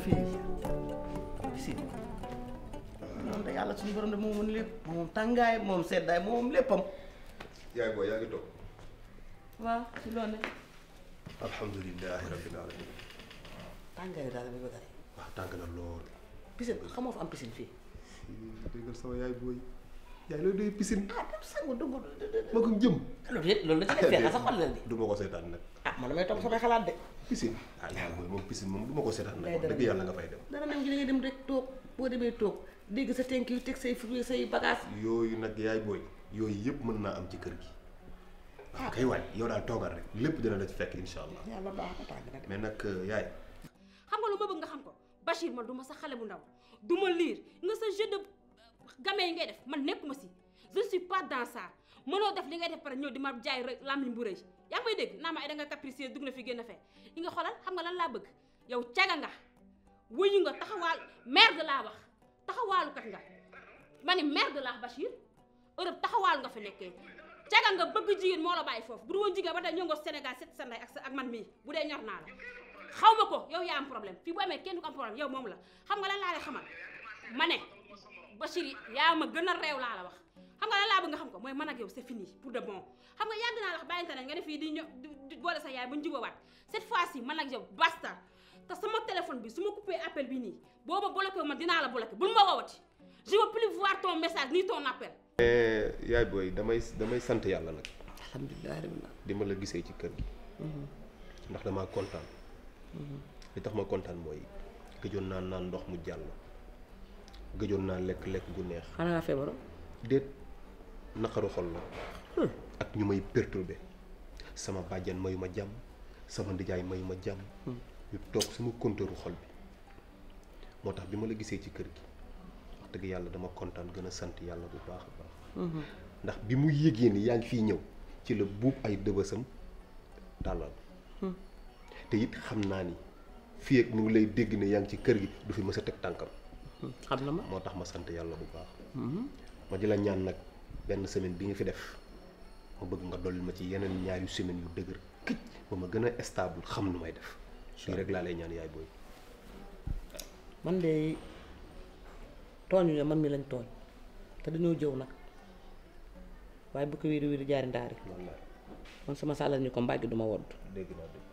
fii piscine moom da yàlla suñu borom de moo mën lépp moom tàngaay moom seddaay moom léppam yaay booy yaa ngi toog waaw si loolu ne alhamdulilahi rabbil alamin tàngaay daal bi bëgg waaw tàng na lool piscine xamoo fa am piscine fii déggal sama yaay booy yaay looy doy piscine. ah dem sangu dugg ma ko jëm. loolu yëpp loolu la ci def fexe sax xol leen di. du ma ko seetaan nag. ah man de. piscine ah moom piscine ma ko seetaan nag. dëgg yàlla nga fay dem. dara dem rek toog boo demee toog dégg sa tenk yu teg say fruits say bagages. yaay booy yooyu yëpp mën naa am ci kër gi. waaw ah. kay waay yow daal toogal lépp dina la ci fekk incha allah. yàlla baax na tàng na mais nag euh, yaay. xam nga lu ma bëgg nga xam ko Bachir man du ma sa xale bu ndaw du liir nga sa jeu game yi ngay def man nekkuma si je suis pas dans ça def li ngay def pare ñëw di jaay rek làmmiñ bu rëy yaa ngi may dégg naa ma ay da nga capricieuse dugg na fi génn fee li nga xoolal xam nga lan laa yow caga nga wëyu nga taxawaal merde laa wax taxawaalu kat nga ma ni merde laa Bachir Europe taxawaalu nga fi nekkee caga nga bëgg jigéen moo la bàyyi foofu bu dul woon ba tey ñoo ngoo Sénégal set sa ndey ak man mii bu dee ñor naa xaw ma ko yow yaa am problème fii bu amee kenn du ko am moom la xam nga lan laa lay xamal ma ne Bachiri yaa ma gën a réew laa la wax xam nga lan laa bëgg nga xam ko mooy man ak yow c'est fini pour de bon xam nga yàgg naa la wax bàyyi na nga ne fii di ñëw di boole sa yaay ba ñu jubawaat cette fois ci man ak yow basta te sama téléphone bi su ma coupé appel bi nii boo ma ma dinaa la bloqué bul ma woowati je plus voir ton message ni ton appel. Eh, yaay booy damay damay sant yàlla nag. alhamdulilah di ma la gisee ci kër gi. Mm-hmm. ndax damaa kontaan. Mm-hmm. tax ma kontaan mooy gëjoon naan ndox mu jàll. gëjoon naa lekk lekk gu neex. xanaa feebaroon. déet naqaru xol la. Hmm. ak ñu may perturbé sama bàjjan mayu ma jàmm sama ndijaay mayu ma jàmm. Hmm. ñu toog sama compteuru xol bi moo tax bi ma la gisee ci kër gi wax dëgg yàlla dama kontaan gën a sant yàlla bu baax a baax. Hmm. ndax bi mu yëgee ni yaa ngi fiy ñëw ci la buub ay dëbësam tàllal te it xam naa ni fii ak mu ngi lay dégg ne yaa ngi ci kër gi du fi mës a teg tànkam. xam na ma moo tax ma sant yàlla bu baax. Mhm. ma di ñaan nag benn semaine bi nga fi def ma bëgg nga dolli ma ci yeneen ñaari semaine yu dëgër këj ba ma gën a stable xam nu may def. suy rek laa lay ñaan yaay booy. man de tooñu ne man mi lañ tooñ te dañoo jëw nag waaye bu ko wiiri wiiri jaari ndaari. man sama sàllal ñu ko mbàgg duma wodd. dégg naa dégg.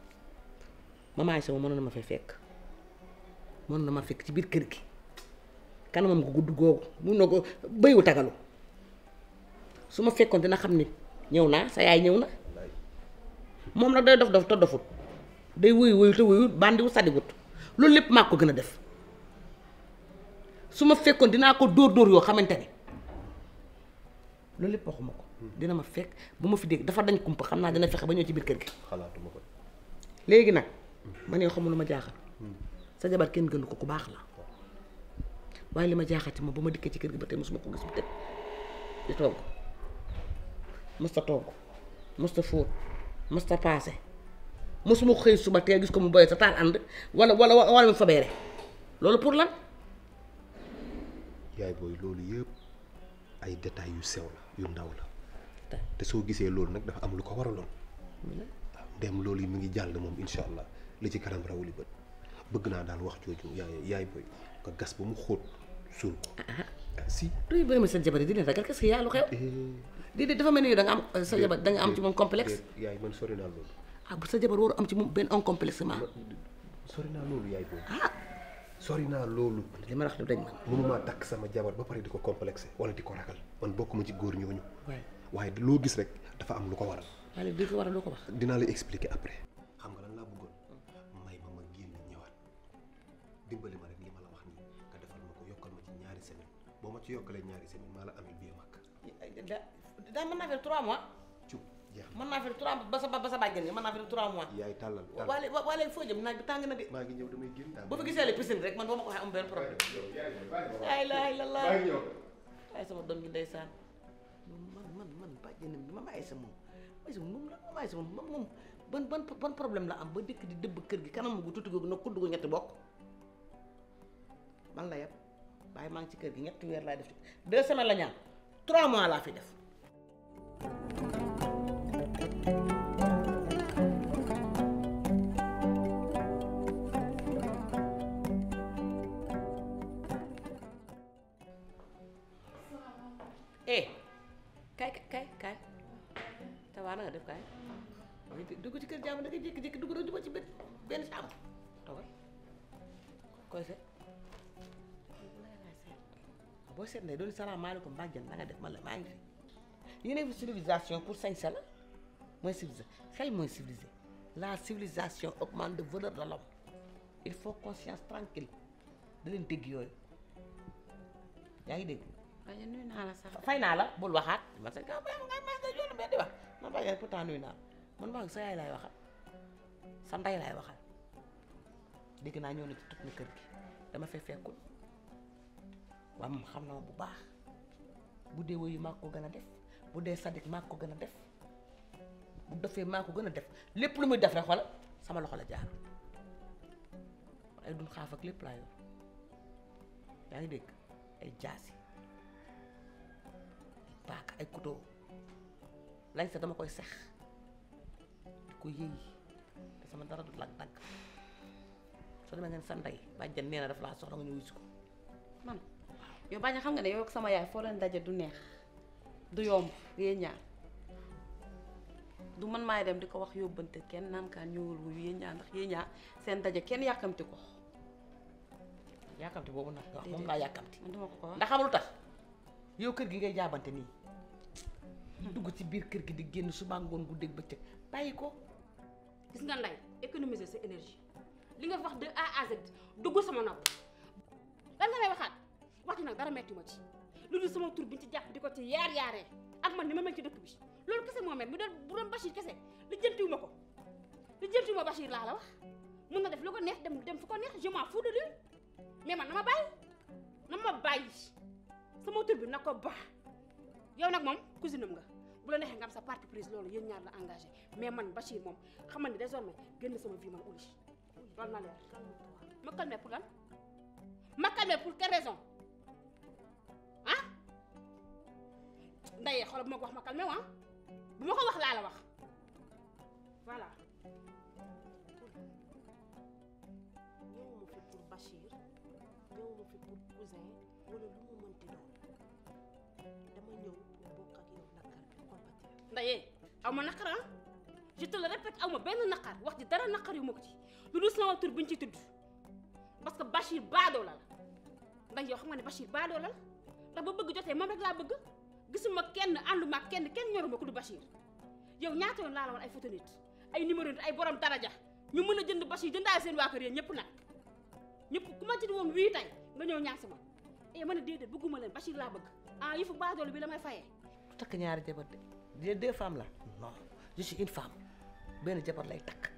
mamaay sama mënoon na ma fay fekk mënoon na ma fekk ci biir kër gi. kanamam gu gudd googu mun na ko bëywu tagalu su ma fekkoon dina xam ni ñëw naa sa yaay ñëw na moom nag day dof dof te dofut day wuyu wuyu te wuyu bàndiwu sadiwut loolu lépp maa ko gën a def su ma fekkoon dinaa ko dóor dóor yoo xamante ni loolu lépp waxuma ko dina ma fekk bu ma fi dégg dafa dañ kumpa xam naa dina fexe ba ñëw ci biir kër gi xalaatuma ko léegi nag man yoo xamul ma jaaxal sa jabar kenn gënu ko ku baax la waaye li ma jaaxati moom ba ma dikkee ci kër gi ba tey mosuma ko gis bu tëdd di togg mosta togg mosta fóot ko xëy suba tee gis ko mu boyee sa taal ànd wala wala wala mu fabeere loolu pour lan yaay booy loolu yëpp ay détails yu sew la yu ndaw la te soo gisee loolu nag dafa am lu ko waraloon waaw dem loolu yi mu ngi jàll moom incha allah li ci kanam rawuli bët bëgg naa daal wax jooju yaay yaay booy gas ba mu xóot suul ko. Ah, ah. si. luy bëri ma sa jabar di leen ragal qu'est-ce que yaa lu eh. da nga am euh, sa jabar da nga am ci moom complexe. yaay man sori naa ah, sa jabar war am ci moom benn un complexe ma sori naa ma ma. mënumaa takk sama jabar ba pare di ko complexé wala ci góor ñooñu. waaye loo gis rek dafa am lu ko waral. waaye li ko waral loo ko wax. dinaa lay expliquer après. xam nga lan laa bëggoon may ma ma génn ñëwaat dimbali ma. ci yokkalee ñaari semaine maa la amel bii mag. da daa mën naa fi 3 mois. cub jeex na mën naa fi 3 ba sa ba sa bàjjen mën naa fi 3 mois. yaay tàllal tàllal waaye waaye foo jëm naaj bi tàng na de. maa ngi ñëw damay génn daal boo fa gisee piscine rek man boo ma ko waxee am benn problème. ay la la la ay sama doom ji ndeysaan man man man bàjjenam bi ma bàyyi sa moom bàyyi sa moom la ma bàyyi sa moom moom ban ban ban problème la am ba dëkk di dëbb kër gi kanam gu tuuti googu nag kudd gu ñetti bokk man la yëpp bàyyi maa ngi ci kër gi ñetti weer laa def ci deux semaines la ñaan trois mois laa fi def loolu salaamaaleykum bàjjan na nga def ma la maa ngi fi yéen fi civilisation pour sañse la mooy civilisé xel mooy civilisé la civilisation augmente de valeur de l'homme il faut conscience tranquille da leen dégg yooyu yaa ngi dégg. sax fay naa la bul waxaat man sax nga ma di wax man bàyyi pourtant nuyu naa man maa ngi sa yaay laay waxal sa ndey laay waxal dégg ci tut na kër gi dama fay fekkul. waaw moom xam na ma bu baax bu dee woyu maa ko gën a def bu dee sadik maa ko gën a def bu defee maa ko gën a def lépp lu muy def rek sama loxo la jaar ay dun xaaf ak lépp laa ngi dégg ay jaasi ay ay couteau lañ sa dama koy sex di ko yëy te sama dara du lak dagg soo demee ngeen sa ndey bàjjan nee na daf laa soxla nga ñu wusi ko man yow bañ a xam nga ne yow ak sama yaay foo leen daje du neex du yomb yéen ñaar du man maa dem di ko wax yóbbante kenn naan kaa ñëwal wuyu yéen ñaar ndax yéen ñaar seen daje kenn yàkkamti ko. yàkkamti boobu nag nga wax moom laa yàkkamti. ndax xam tax yow kër gi ngay jaabante nii. dugg ci biir kër gi di génn su ngoon guddeeg bëccëg bàyyi ko. gis nga nday économiser sa énergie li nga wax de A à dugg sama nopp lan nga may waxaat. wax ji nag dara metti ma ci lu dul sama tur bi ci jàpp di ko ci yaar yaaree ak man ni ma mel ci dëkk bi loolu kese moo mel mu doon bu doon Bachir kese li jëntiwu ma ko li jëntiwu ma Bachir laa la wax mun na def lu ko neex dem dem fu ko neex je m'en fous de lui mais man na ma bàyyi na ma bàyyi sama tur bi na ko baax yow nag moom cousine am nga bu la neexee nga am sa parti prise loolu yéen ñaar la engagé mais man Bachir moom xamal ni désormais génn sama vie man Oly loolu na leer ma calmer pour lan ma calmer pour quelle dayee xoolal bu ma wax ma calmé ah bu laa la wax voilà. ñëwuma fi ñëw pour bokk ak yow naqar bi compatir. Ah. benn naqar wax ji dara naqar yu ma ko ci lu dul sama tur bi ñu ci tudd parce que Bachir baadoo la la ndax yow xam nga ne Bachir baadoo la la ndax ba bëgg jotee moom rek laa bëgg. gisuma kenn ànduma ak kenn kenn ñoruma ku du Bachir yow ñaata yoon laa la woon ay photo nit ay numéro ay borom daraja ñu mën a jënd Bachir jëndaale seen waa kër yéen ñëpp nag ñëpp ku ma ci woon wii tey nga ñëw ñaan ma eh ma ne déedéet bëgguma leen Bachir laa bëgg ah yëfu baadoolu bi la may fayee. bu takk ñaari jabar de deux femmes la non je suis une femme benn jabar lay takk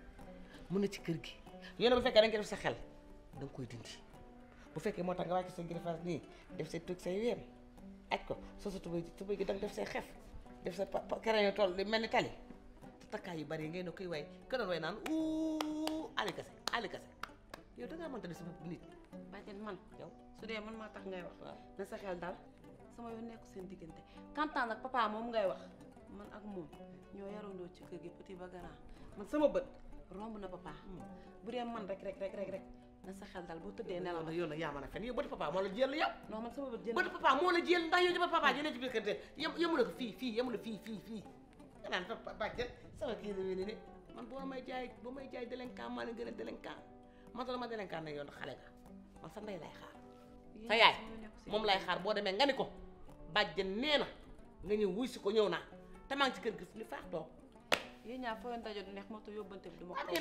mun na ci kër gi yéen bu fekkee da sa xel da nga koy dindi bu fekkee moo tax nga wàcc sa greffage def sa tug aj ko soo sa tubéy tubéy gi danga def say xef def sa crayon tool di mel ni tali te takkaay yu bari ngay ne koy waay ka doon way naan u ali kase ali kase yow da ngaa mënta si bopp nit bàjjen man yow su dee man maa tax ngay wax na sa xel daal sama yoon nekku seen diggante kantaan nag papa moom ngay wax man ak moom ñoo yarandoo ci kër gi petit ba grand man sama bët romb na papa hmm. bu dee man rek rek rek rek rek na sa xel dal boo tëddee nelaw la yow nag yaa mën a fen yow bëtu papa moo la jël yow non man moo la jël ndax yow dama papa jëlee ci biir kër yemu na ko fii fii yemu na fii fii fii nga naan papa bàjjal sama kii boo may jaay boo may jaay délinquant maa la gën a délinquant man dama délinquant sa ndey lay xaar sa yaay moom lay xaar boo demee nga ni ko bàjjal nee na nga ñëw wuy si ko ñëw naa te maa ngi ci kër gi li faax toog yéen ñaar foo leen dajo neex moo tax yóbbante bi du ma ko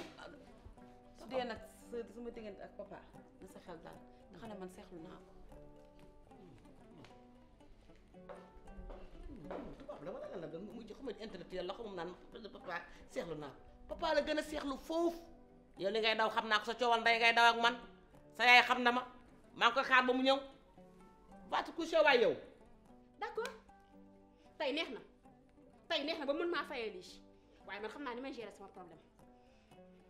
su dee nag sa sama diggante ak papa na sa xel daal nga xam ne man seexlu naa ko. waaw dama ragal nag mu jox ma la papa la gën a seexlu foofu. yow li ngay daw xam naa ko sa coowal ndey ngay daw ak man sa yaay xam na ma maa ngi koy xaar ba mu ñëw baatu ku waay yow. d'accord tey neex na tey neex na ba mën maa fayee lii waaye man xam naa ni may gérer sama problème.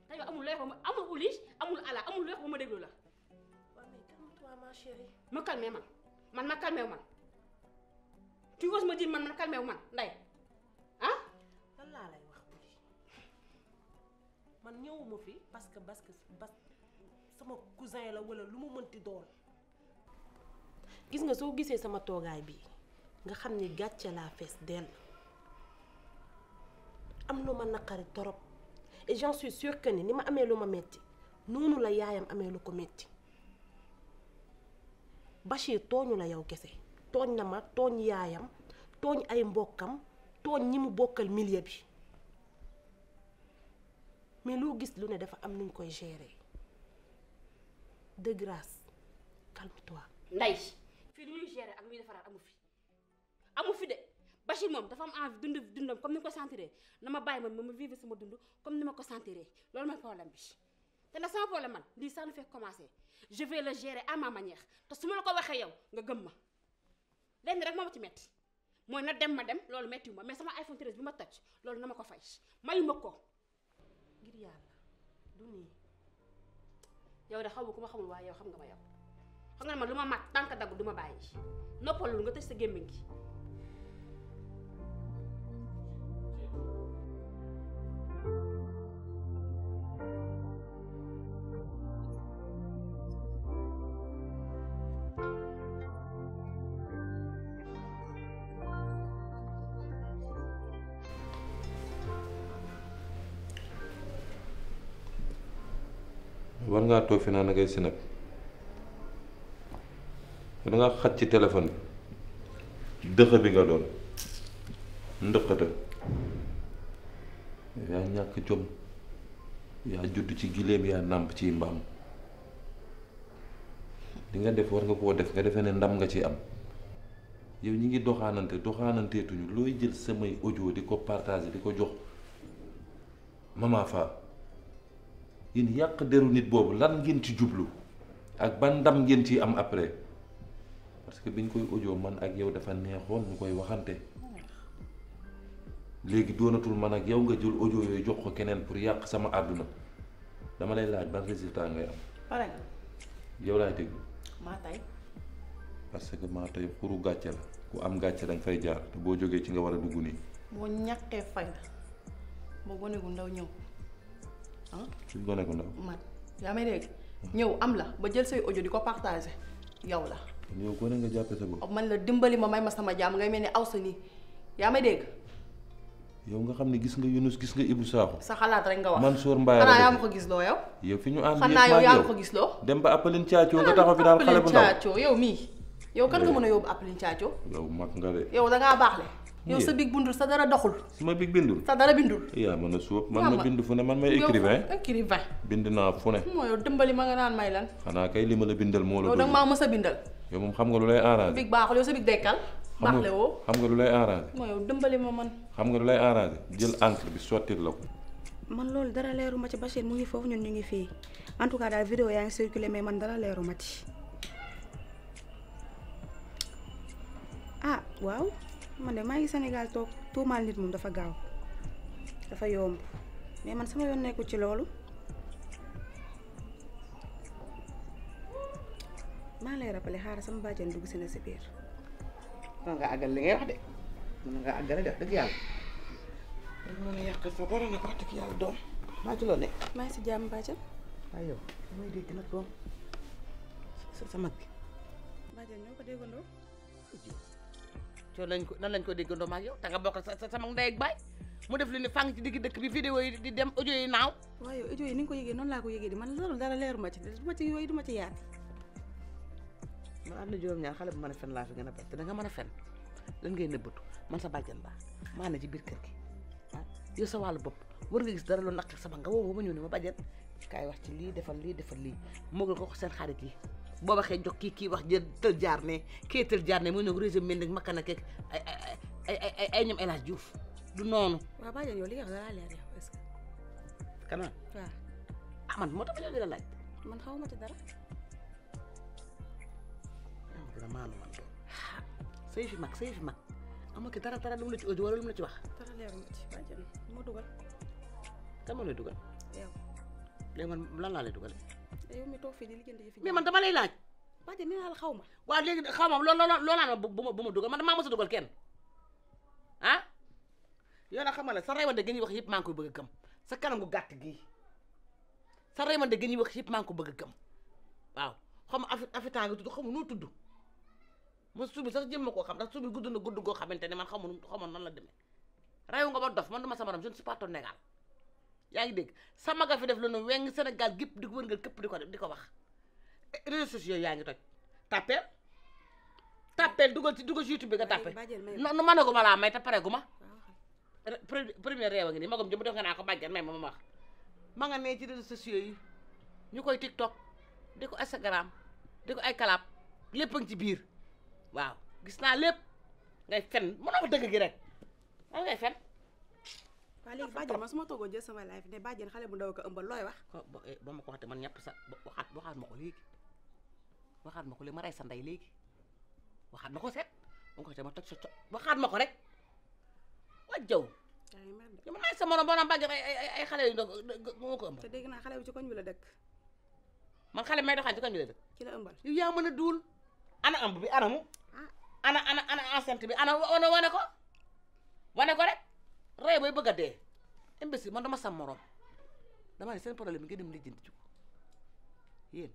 te yow amul lay wax amul ulis amul ala amul lay wax ba ma déglu la. waaw mais calme-toi ma chérie. ma calmé man man ma ma calmé wu ah? man ñëwuma fi parce que parce sama cousin la wala lu mu mënti doon. nga soo gisee sama toogaay bi nga xam ni gàcce laa fees dell am lu ma naqari torop et j'en suis sûre que ni ni ma amee lu ma metti noonu la yaayam amee lu ko metti Bachir tooñu la yow kese tooñ na ma tooñ yaayam tooñ ay mbokkam tooñ ñi mu bokkal milieu bi mais loo gis lu ne dafa am nuñ koy gérer de grâce calme-toi. Ndeye. fii lu ñuy gérer ak luy defaraat amu fi amu fi de. Bachir moom dafa am envie dund dundam comme ni ma ko sentiree na ma bàyyi man ma ma vivre sama dund comme ni ma ko sentiree loolu mooy problème bi te nag sama problème man lii sax nu fekk commencé je vais le gérer à ma ñeex te su ma la ko waxee yow nga gëm ma lenn rek moo ma ci metti mooy na dem ma dem loolu méttiwu mais sama iPhone 13 bi ma toj loolu na ma ko fay mayu ma ko ngir yàlla du nii yow de xaw ma ku ma xamul waaye yow xam nga ma yow xam nga ne man lu ma mat dagg du ma bàyyi noppalul nga tëj sa gémmiñ gi ngaa toog fi naa na ngay sinap da ci téléphone bi dëxa bi nga doon ndëqata yaa ñàkk jom yaa judd ci gileem yaa nàmp ci mbaam dinga def war nga koo def nga defee ne ndam nga ci am yow ñi ngi doxaanante doxaananteetuñu looy jël samay audio di ko partager di ko jox Mama yéen yàq deru nit boobu lan ngeen ci jublu ak ban ndam ngeen ci am après parce que biñ koy audio man ak yow dafa neexoon ñu koy waxante léegi doonatul man ak yow nga jël audio yooyu jox ko keneen pour yàq sama àdduna dama lay laaj ban résultat ngay am. pare yow laay déglu. maa tay parce que maa tey xuru gàcce la ku am gàcce danga fay jaar te boo jógee ci nga war a dugg nii. boo ñàkkee fay la boo gone ndaw ñëw. ci gone ko ndaw man yaa may dégg ñëw am la ba jël say ojo di ko partagé yow la yow ko nga jàppe sa bopp oh, man la dimbali ma may ma sama jàmm ngay mel ni aw sa nii yaa may dégg yow nga xam ne gis nga Yunus gis nga Ibou Sakho sa xalaat rek nga wax soor Mbaye xanaa yaa ma ko gisloo yow yow fi ñu ànd xanaa yow yaa ma ko gisloo dem ba appelin caacoo nga ah, taxaw fi daal xale bu ndaw yow mii yow kan nga mën a yóbbu appelin caacoo yow mag nga de yow dangaa baax le yow sa big bindul sa dara doxul. ma big bindul. sa dara bindul. yaa mën a suuf man ma bind fu ne man may écrivain. écrivain bind naa fu moo ma nga naan may lan. ma la bindal moo la. loolu bindal. yow moom xam nga lu lay arrangé. big baaxul yow sa big dekkal. baaxle woo xam nga lu lay arrangé. moo yow dëmbali ma man. xam nga lu lay arrangé jël encre bi sottil la ko. man loolu dara leeru ma ci Bachir mu ngi foofu ñun ñu ngi fii en tout cas daal vidéo yaa ngi circulé mais man dara leeru ma ci ah waaw man de maa ngi Sénégal toog tuumaal nit moom dafa gaaw dafa yomb mais man sama yoon nekkul ci loolu maa lay rappelé xaaral sama bàjjan dugg si na si biir. mën nga àggal li ngay wax de mën nga àggal def dëgg yàlla. mën na yàq sa dara maa ci loo nekk. maa ngi si jàmm bàjjan. waaw yow mooy dégg nag doom sa sa mag bàjjan ñoo ko déggandoo. co lañ ko nan lañ ko déggandoo ma ak yow da nga bokk sa sama ndey ak baay mu def li ni fàng ci digg dëkk bi vidéo yi di dem audio yi naaw waaye audio yi ni nga ko yëgee noonu laa ko yëgee di man loolu dara leeru ma ma ci yooyu ma ci yaat man am na juróom-ñaar xale bu mën a fen laa fi a ba te da nga mën a fen lan ngay nëbbatu man sa bàjjan laa maa ne ci biir kër gi ah yow sa wàllu bopp war nga gis dara lu naq sama nga woo ma ñëw ne ma bàjjan kaay wax ci lii defal lii defal lii moogal ko seen xarit yi boo waxee jox kii kii wax jël tël jaar ne kii tël jaar ne mu ne régime mel nag makka na keeg ñoom El Hadj du noonu. waaw bàyyi leen yow li nga wax da ah, man moo ma di la laaj. man la ci wala lu ci wax. dara leer ma lan laa lay dugal. yow mi toog fii di liggéey di fi mais man dama lay laaj bàjjen nee naa la xaw ma waa léegi xaw ma loolu loolu laa ma bu ma bu ma dugal man maa mos a dugal kenn ah yow nag xam nga la sa reywante gi ñuy wax yëpp maa ngi bëgg a gëm sa kanam gu gàtt gii sa reywante gi ñuy wax yëpp maa ngi ko bëgg a gëm waaw xam nga afitaa nga tudd xam nga noo tudd man suubi sax jëm ma koo xam ndax suubi gudd na gudd goo xamante ne man xamu xamoon nan la demee reyu nga ba dof man duma sama ram je ne suis pas yaa ngi dégg sama nga fi def lu nu weng Sénégal gépp di ko wërngal képp di ko di ko wax réseaux sociaux yaa ngi toj tàppeel tàppeel dugal ci dugal ci YouTube bi nga tàppe nu ma ne ko ma laa may te pare ma ah, première réew a ngi nii magom jëm def nga naa ko bàjjan may ma ma wax ma nga nee ci réseaux sociaux yi ñu koy TikTok di ko Instagram di ko ay kalaab lépp a ngi ci biir waaw gis naa lép ngay fen mënoo ko dëgg gi rek ngay fen waaw léegi bàjjen man su a toogoon jël sama life ne bàjjen xale bu ndaw ko ëmbal looy wax. Eh, ba ma ko waxte man ñepp sa waxaat waxaat ma ko léegi waxaat ma ko léegi ma rey sa ndey léegi waxaat ma ko set ba ko waxte ma toj sa co waxaat ma ko rek waa jaw. ñu ma ay sa morom boonam bàjjen ay ay ay xale yu ndaw moo ko ëmbal. te dégg naa xale bi ci koñ bi la dëkk. man xale may doxaan ci koñ bi la dëkk. ci la ëmbal yow yaa mën a duul. ana ëmb bi ana mu. Ah. ana ana ana enceinte bi ana wane ko ko rek. rey bay bëgg a dee imbécile man dama sam morom dama ne seen problème bi ngeen dem lijjanti ci ko yéen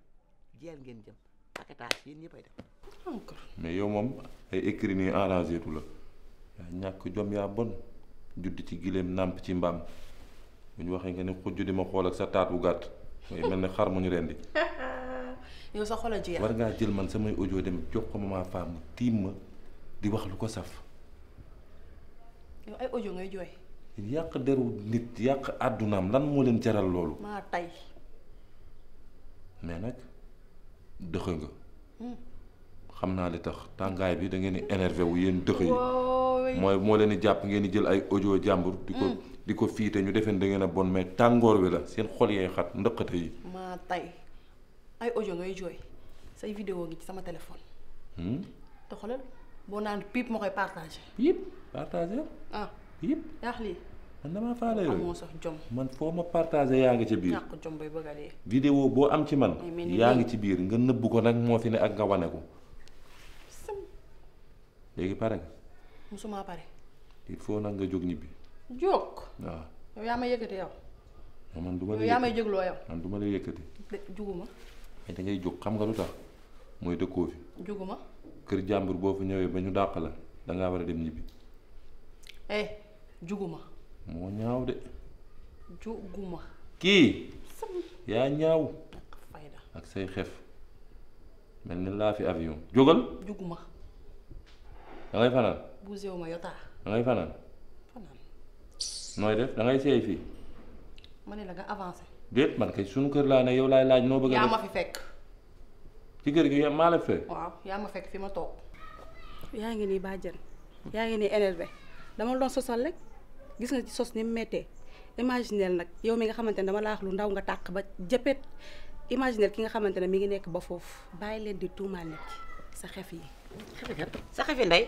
jeel ngeen jëm paquetage yéen ñëppay dem mais yow moom ay écrit nii arrangé la yaa ñàkk jom yaa bon judd ci gileem nàmp ci mbaam bu ñu waxee nga ne xujj di ma xool ak sa taat bu gàtt mooy mel ne xar mu ñu rendi yow sa xol a war ngaa jël man samay audio dem jox ko ma femme tiim ma di wax lu ko saf yow ay ojo ngay jooy. yàq deru nit yàq àddunaam lan moo leen jaral loolu. maa tay. mais nag dëx nga. Hmm. xam naa li tax tàngaay bi da ngeen di énervé wu yéen dëx yi. mooy moo leen jàpp ngeen di jël ay ojo jàmbur. di ko hmm. di ko fiite ñu defeen da ngeen a bon mais tàngoor wi la seen xol yee xat ndëqate yi. maa tay ay ojo ngay jooy say vidéo ngi ci sama téléphone. Hmm? boo naan pipe ma koy partagé. pipe partagé. ah pipe. yàq lii. man damaa faale yooyu sax jom. man foo ma partagé yaa ngi ci biir. ñàkk jom bay bëgg a dee. vidéo boo am ci man. yaa ngi ci biir nga nëbb ko nag moo fi ne ak nga wane ko. léegi pare il faut nag nga jóg ñibbi. jóg. waaw yow yaa may yëkkati yow. man du ma la yëkkati man du ma la yëkkati. juguma. mais ngay jóg xam nga lu tax mooy dëkkoo fi. juguma. kër jàmbur boo fa ñëwee ba ñu dàq la da war a dem ñibbi. eh juguma. moo ñaaw de. kii. yaa ñaaw. ak say xef mel ni laa fi avion jógal. juguma. da ngay fanaan. bousez wu ma yotaa. da ngay fanaan. fanaan. nooy def da seey fii. ma ne la nga avancé. déet man kay sunu kër laa ne yow laay laaj noo bëgg a. yaa ma fi fekk. ci kër gi maa la fekk. waaw ma fekk fi ma toog. yaa ngi nii bàjjen yaa ngi nii énervé dama doon sosal rek gis nga ci sos ni mu méttee imagineel nag yow mi nga xamante ne dama laax lu ndaw nga tàq ba jëppet imagineel ki nga xamante ne mi ngi nekk ba foofu bàyyi leen di tuumaal sa xef yi. sa xef ndey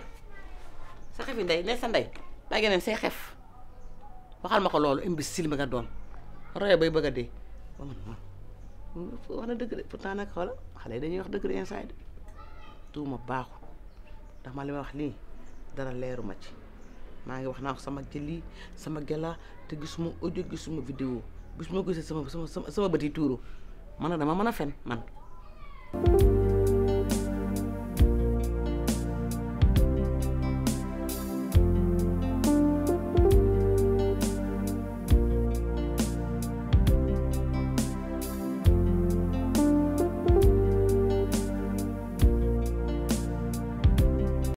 sa xef yi ndey ne sa ndey bàyyi leen say xef waxal ma ko loolu imbécile ma nga doon roye bay bëgg dee wax na dëgg de pourtant xale yi dañuy wax dëgg de inside tuuma baaxul ndax ma li ma wax lii dara leeru ma ci maa ngi wax naa ko sama jëli sama gela te gisuma audio gisuma vidéo bis ma gisee sama sama sama bët yi tuuru man a dama mën a fen man